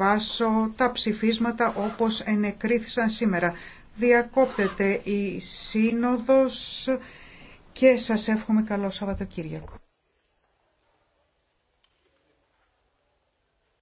Βάσω τα ψηφίσματα όπως ενεκρίθησαν σήμερα. Διακόπτεται η σύνοδος και σας εύχομαι καλό Σαββατοκύριακο.